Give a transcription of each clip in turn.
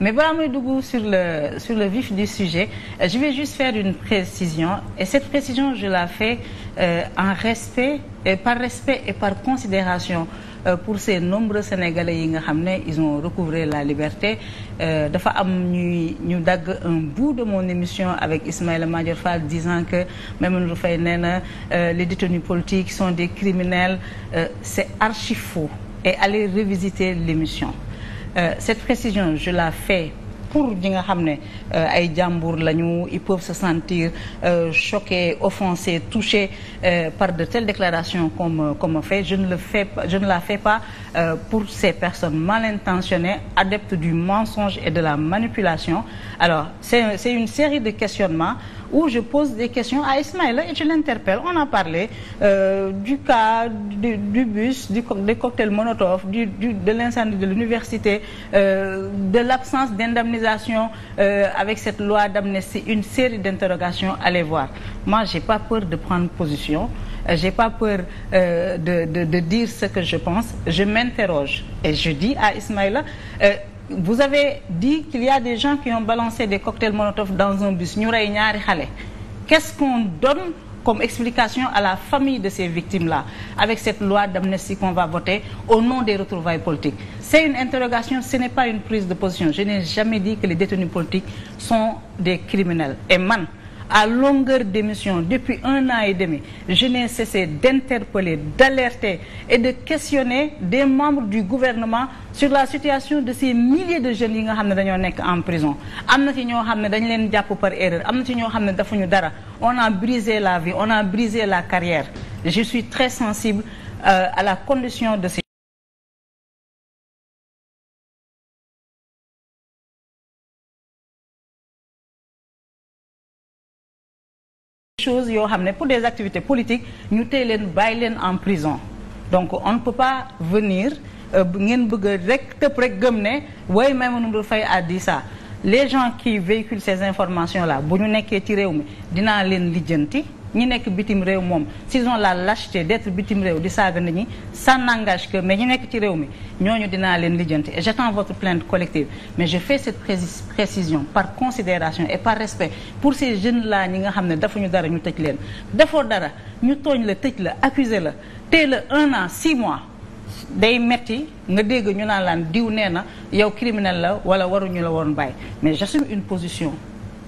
mais balaa may dugg sur le sur le vif du sujet euh, je vais juste faire une précision et cette précision je la fais euh, en respect et euh, par respect et par considération euh, pour ces nombreux sénégalis yi nga xam ne ils ont recouvré la liberté dafa am ñuy ñu dagg un bout de mon émission avec Ismaïla Madior Fall disant que Maimouna Ndour Faye nee na les détenus politiques sont des criminels c'est archi faux et allez revisiter l'émission Euh, cette précision je la fais pour ñi nga xam ne euh, ay jàmbur lañu ils peuvent se sentir euh, choqués offensés touchés euh, par de telles déclarations comme euh, comme fait je ne le fais pas, je ne la fais pas euh, pour ces personnes mal intentionnées adeptes du mensonge et de la manipulation alors c'est c'est une série de questionnements où je pose des questions à Ismaïla et je l'interpelle. On a parlé euh, du cas du, du bus, du, des cocktails Molotov, du, du, de l'incendie de l'université, euh, de l'absence d'indemnisation euh, avec cette loi d'amnistie, une série d'interrogations. Allez voir. Moi, j'ai pas peur de prendre position. Euh, j'ai pas peur euh, de, de, de, dire ce que je pense. Je m'interroge et je dis à Ismaïla... Euh, vous avez dit qu'il y a des gens qui ont balancé des cocktails Molotov dans un bus ñu rey ñaari xale qu'est-ce qu'on donne comme explication à la famille de ces victimes-là avec cette loi d'amnistie qu'on va voter au nom des retrouvailles politiques c'est une interrogation ce n'est pas une prise de position je n'ai jamais dit que les détenus politiques sont des criminels et man à longueur d'émission depuis un an et demi je n'ai cessé d'interpeller d'alerter et de questionner des membres du gouvernement sur la situation de ces milliers de jeunes yi nga xam ne dañoo nekk en prison am na ci ñoo xam ne dañ leen jàpp par erreur am na ci ñoo xam ne defuñu dara on a brisé la vie on a brisé la carrière je suis très sensible euh, à la condition de ces choses yoo xam ne pour des activités politiques ñu téye leen bàyyi leen en prison donc on ne peut pas venir euh, ngeen bëgg rek tëpp rek gëm ne way may mënul fay a dit ça les gens qui véhiculent ces informations là bu ñu nekkee ci réew mi dinaa leen lijjanti ñu nekk bitim réew moom s'ils ont la lâcheté d'être bitim réew di saaga nit ñi ça n'engage que mais ñu nekk ci réew mi ñooñu dinaa leen lijjanti et j'attends votre plainte collective mais je fais cette précision par considération et par respect pour ces jeunes là ñi nga xam ne dafuñu dara ñu tëj leen defoo dara ñu tooñ la tëj la accuser la tey la un an six mois day metti nga dégg ñu naan laan diw nee na yow criminel la wala waruñu la woon bàyyi mais j'assume une position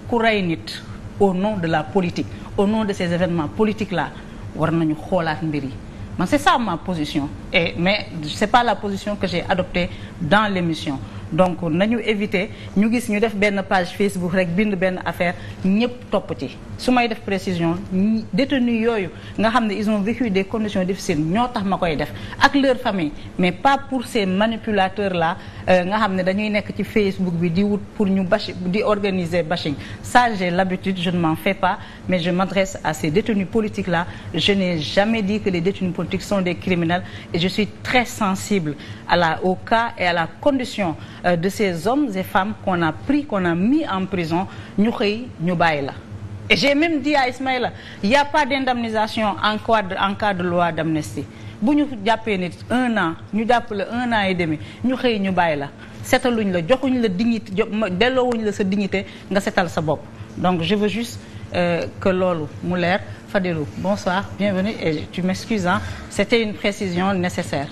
ku rey nit au nom de la politique au nom de ces événements politiques là war nañu xoolaat mbir yi man c'est ça ma position et mais c'est pas la position que j'ai adoptée dans l'émission donc nañu éviter ñu gis ñu def benn page Facebook rek bind benn affaire ñëpp topp ci su may def précision détenus yooyu nga xam ne ils ont vécu des conditions difficiles ñoo tax ma koy def ak leur famille mais pas pour ces manipulateurs la euh, nga xam ne dañuy nekk ci Facebook bi di wut pour ñu bash di organiser bashing ça j'ai l'habitude je ne m'en fais pas mais je m'adresse à ces détenus politiques la je n'ai jamais dit que les détenus politiques des criminels et je suis très à la au cas et la condition Euh, de ces hommes et femmes qu'on a pris qu'on a mis en prison ñu xëy ñu bàyyi la. et j'ai même dit à Ismaïla il y a pas d'indemnisation en cas de en loi d'amnistie bu ñu jàppee nit un an ñu jàpp la un an et demi ñu xëy ñu bàyyi la setaluñ la joxuñ la dignité delloowuñ la sa dignité nga setal sa bopp donc je veux juste euh, que loolu mu leer Fadilou bonsoir bienvenue et tu m'excuses hein c'était une précision nécessaire